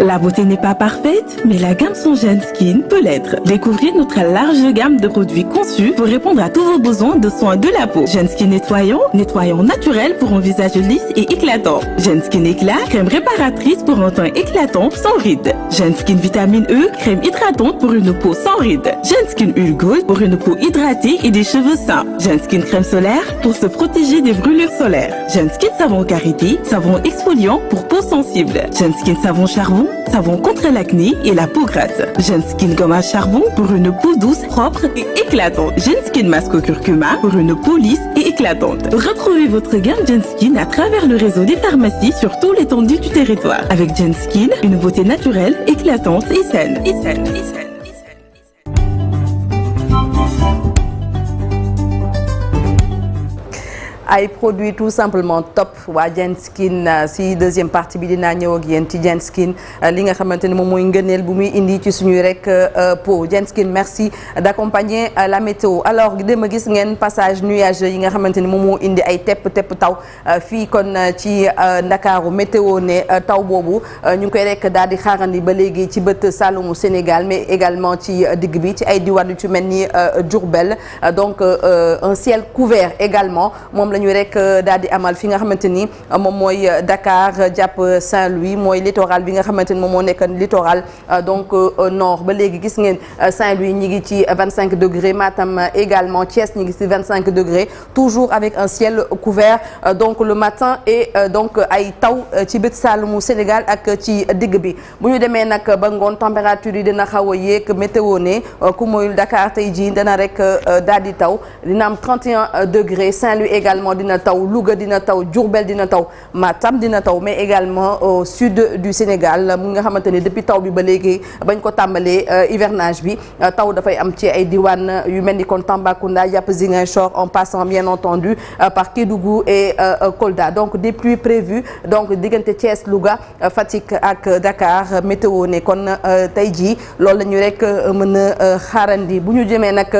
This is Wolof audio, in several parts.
La beauté n'est pas parfaite, mais la gamme Sunshine Skin peut l'être. Découvrez notre large gamme de produits conçus pour répondre à tous vos besoins de soins de la peau. Jeune nettoyant, nettoyant naturel pour un visage lisse et éclatant. Jeune éclat, crème réparatrice pour un teint éclatant sans rides. Jeune vitamine E, crème hydratante pour une peau sans rides. Jeune Skin pour une peau hydratée et des cheveux sains. Jeune crème solaire pour se gomme, savon contre l'acné et la peau grasse. Jeune Skin gomme à charbon pour une peau douce, propre et éclatante. Jeune Skin curcuma pour une peau lisse et éclatante. Retrouvez votre gamme Jeune à travers le réseau des pharmacies sur tout l'étendue du territoire. Avec Jeune une beauté naturelle, éclatante et saine. ay produit tout simplement top waa Genskin euh, si deuxième partie bi dinaa ñëw ak yéen ci Genskin euh, li nga xamante ni moom mooy ngëneel bu muy indi ci suñuy rek euh, peau Genskin merci d'accompagner la météo alors dem a gis ngeen passage nuageux yi nga xamante ni moom moo indi ay tepp tepp taw fii kon ci Ndakaaru météo ne taw boobu ñu ngi koy rekk daal di xaarandi ba léegi ci bët sàllumu Sénégal mais également ci digg bi ci ay diwaan yu ci mel ni Diourbel donc un ciel couvert également la ñuy rek euh, daal di amal fi nga xamante ni euh, moom mooy euh, Dakar jàpp Saint-Louis mooy littoral bi nga xamante ni moom moo nekk littoral donc nord ba léegi gis ngeen Saint-Louis ñi ngi ci 25 degré Matam également Thiès ñi ngi ci 25 degré toujours avec un ciel couvert donc le matin donc ay taw ci bët saalumu Sénégal ak ci digg bi bu ñu demee nag ba ngoon température yi dina xaw a yéeg météo ne ku moyul Dakar tey jii dana rek daal di taw dina am degré Saint-Louis également. également dina taw Louga dina taw Diourbel dina taw Matam dina taw mais également au sud du Sénégal mu nga xamante ni depuis taw bi ba léegi bañ ko tàmbalee euh, hivernage bi euh, taw dafay am ci ay diwaan yu mel ni kon Tambacounda jàpp Ziguinchor en passant bien entendu euh, par Kédougou et Kolda donc des pluies prévues donc diggante Thiès Louga Fatick ak Dakar météo ne kon tey jii loolu lañu ñu rek mën a xaarandi bu ñu jëmee nag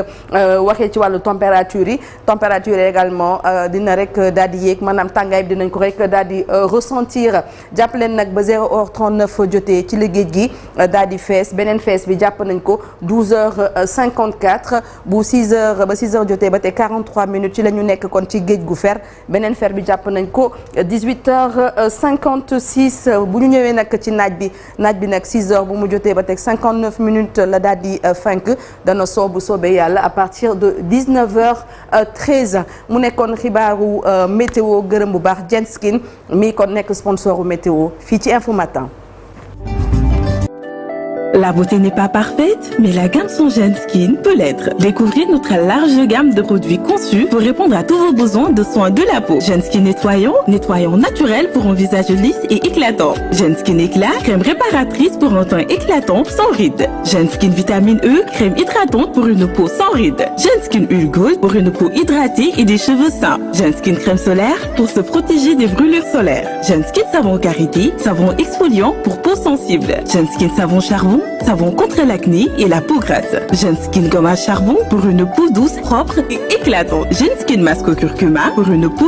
waxee ci wàllu température yi température également. dina rek euh, daal di yéeg maanaam tàngaay dinañ ko rek euh, daal di euh, ressentir jàpp leen nag ba 0 heure 39 jotee ci la géej gi daal di fees beneen fees bi jàpp nañ ko 12 heures 54 bu 6 heures ba 6 heures jotee ba te 43 minutes ci la ñu nekk kon ci géej gu fer beneen fer bi jàpp nañ ko 18 heures 56 bu ñu ñëwee nag ci naaj bi naaj bi nag 6 heures bu mu jotee ba teg 59 minutes la daal di fenk dana soobu soobee yàlla à partir de 19 heures 13 mu nekkoon xibaar. xibaaru euh, météo gërëm bu baax skin mii kon nekk sponsoru météo fii ci Infos La beauté n'est pas parfaite, mais la gamme Sunshine Skin peut l'être. Découvrez notre large gamme de produits conçus pour répondre à tous vos besoins de soins de la peau. Jeune nettoyant, nettoyant naturel pour un visage lisse et éclatant. Jeune éclat, crème réparatrice pour un teint éclatant sans rides. Jeune vitamine E, crème hydratante pour une peau sans rides. Jeune Skin Huile pour une peau hydratée et des cheveux sains. Jeune crème solaire pour charbon, savon contre l'acné et la peau grasse. Jeune Skin Gomme charbon pour une peau douce, propre et éclatante. Jeune Skin Masque curcuma pour une peau